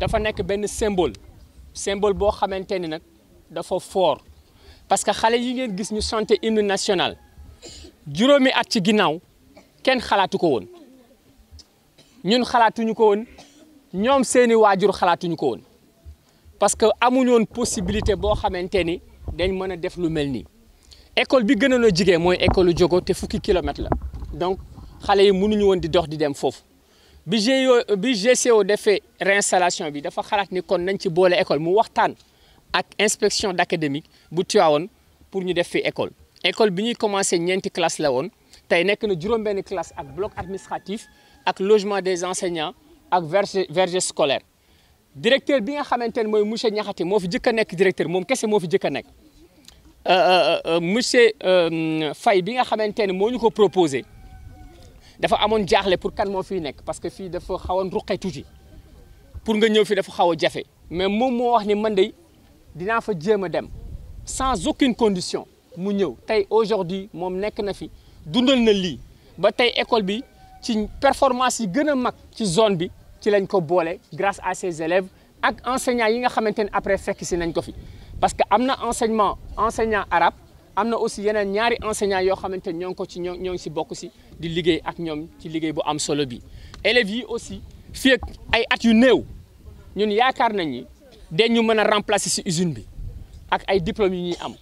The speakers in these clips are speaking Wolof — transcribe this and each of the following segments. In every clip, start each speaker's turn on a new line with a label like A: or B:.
A: dafa nekk benn symbole symbole boo xamante ni nag dafa foor parce que xale yi ngeen gis ñu chanté hymne national juróomi at ci ginnaaw kenn xalaatu ko woon ñun xalaatuñu ko woon ñoom seeni waajur xalaatuñu ko woon parce que amuñu woon possibilité boo xamante ni dañ mën a def lu mel nii école bi gën a jege mooy école Diogo te fukki kilomètre la donc xale yi mënuñu woon di dox di dem foofu bi GIE bi GCO defee réinstallation bi dafa xalaat ni kon nañ ci boole école mu waxtaan ak inspection d'académique bu Tivaouane pour ñu def fi école école bi ñu commencé ñeenti classe la woon tey nekk na juróom-benn classe ak bloc administratif ak logement des enseignants ak verger verger scolaire directeur bi nga xamante ne mooy monsieur Niakhate moo fi jëkk nekk directeur moom kese moo fi jëkk a nekk euh, euh, euh, monsieur fay bi nga xamante ne moo ñu ko proposé. dafa amoon jaaxle pour kan moo fiy nekk parce que fii dafa xawoon ruqee tuuti pour nga ñëw fii dafa xaw a jafe mais moom moo wax ni man de dinaa fa jéem a dem sans aucune condition mu ñëw tey aujourd'hui moom nekk na fi dundal na lii ba tey école bi ci performance yi gën a mag ci zone bi ci lañ ko boole grace à ses élèves ak enseignants yi nga xamante ne après fekk si nañ ko fi parce que am na enseignement enseignant arab am na aussi yeneen ñaari enseignants yoo xamante ñoo ngi ko ci ñoo ñoo ngi si bokk si di liggéey ak ñoom ci liggéey bu am solo bi élèves yi aussi fii ay at yu néew ñun yaakaar nañ ni dañu mën a remplacer si usine bi ak ay diplômes yu ñuy am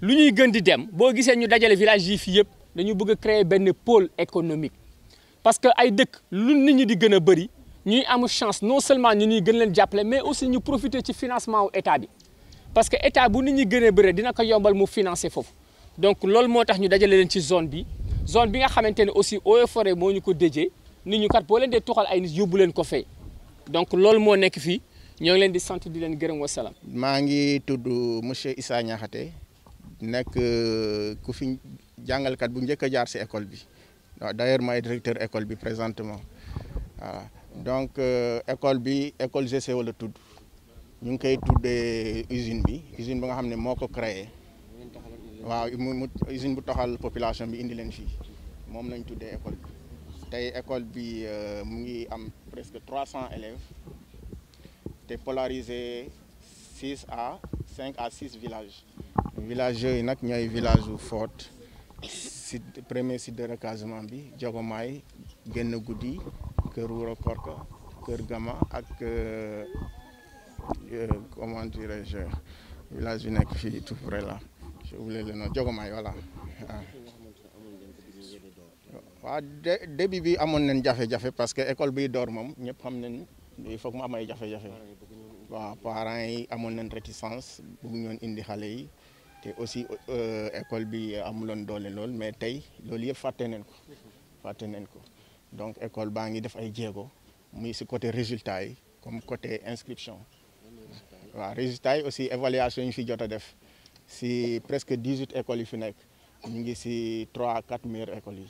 A: lu ñuy gën di dem boo gisee ñu dajale village yi fii yëpp dañu bëgg créer benn pôle économique parce que ay dëkk lu nit ñu di gën a bëri ñuy am chance non seulement ñu nuy gën leen jàppale mais aussi ñu profiter ci financement état bi parce que état bu nit ñi gënee bëre dina ko yombal mu financer foofu donc lool moo tax ñu dajale leen ci zone bi zone bi nga xamante ne aussi eaux et moo ñu ko déjee nit ñu kat boo leen dee tuxal ay nit yóbbu leen ko fay donc loolu moo nekk fii ñoo leen di sant di leen gërëm wasalaam.
B: maa ngi tudd monsieur Issa Niakhaté nekk euh, ku fi jàngalkat bu njëkk a jaar si école bi waaw d'ailleurs mooy directeur école bi présentement waaw donc euh, école bi école GCO e la tudd. ñu ngi koy tuddee usine bi usine bi nga xam ne moo ko créé waaw mu usine bu toxal population bi indi leen fii moom lañ tuddee école bi tey école bi euh, mu ngi am presque trois cents élèves te polarisé six à cinq à six villages villages yooyu nag ñooy village bu Fott site premier site de recasement bi Jogomaay Génn Guddi Kër Wuro Korka Kër Gama ak euh, Euh, comment dirais-je village bi nekk fii tout près là je voulais le nom Jogomaay début bi amoon nañ jafe-jafe parce que école bi door moom ñëpp xam nañ il faut que mu am ay jafe-jafe waaw parents yi amoon nañ réticence bëgg ñoon indi xale yi te aussi euh, école bi amuloon doole lool mais tey loolu yëpp fàtte nañ ko fàtte nañ ko donc école baa ngi def ay jéego muy si côté résultat yi comme côté inscription waaw résultats yi aussi évaluation yi ñu fi jot a def si presque dix huit écoles yi fi nekk ñu ngi si trois à quatre meilleures écoles yi.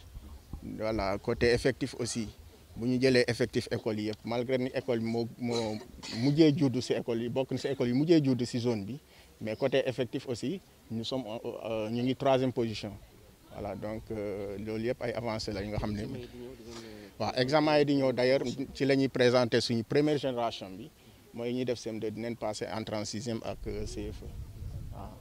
B: voilà côté effectif aussi bu ñu jëlee effectif écoles yi yëpp malgré ni école bi moo moo mujjee juddu si école yi bokk na si école yi mujjee juddu si zone bi mais côté effectif aussi ñu sommes euh, ñu ngi troisième position voilà donc euh, loolu yëpp ay avancé la ñu nga xam ne. waaw examen yi di ñëw d' ailleurs ci la ñuy présenté suñu première génération bi. mooy ñuy def CM2 dinañ passé en 36e ak CFE ah.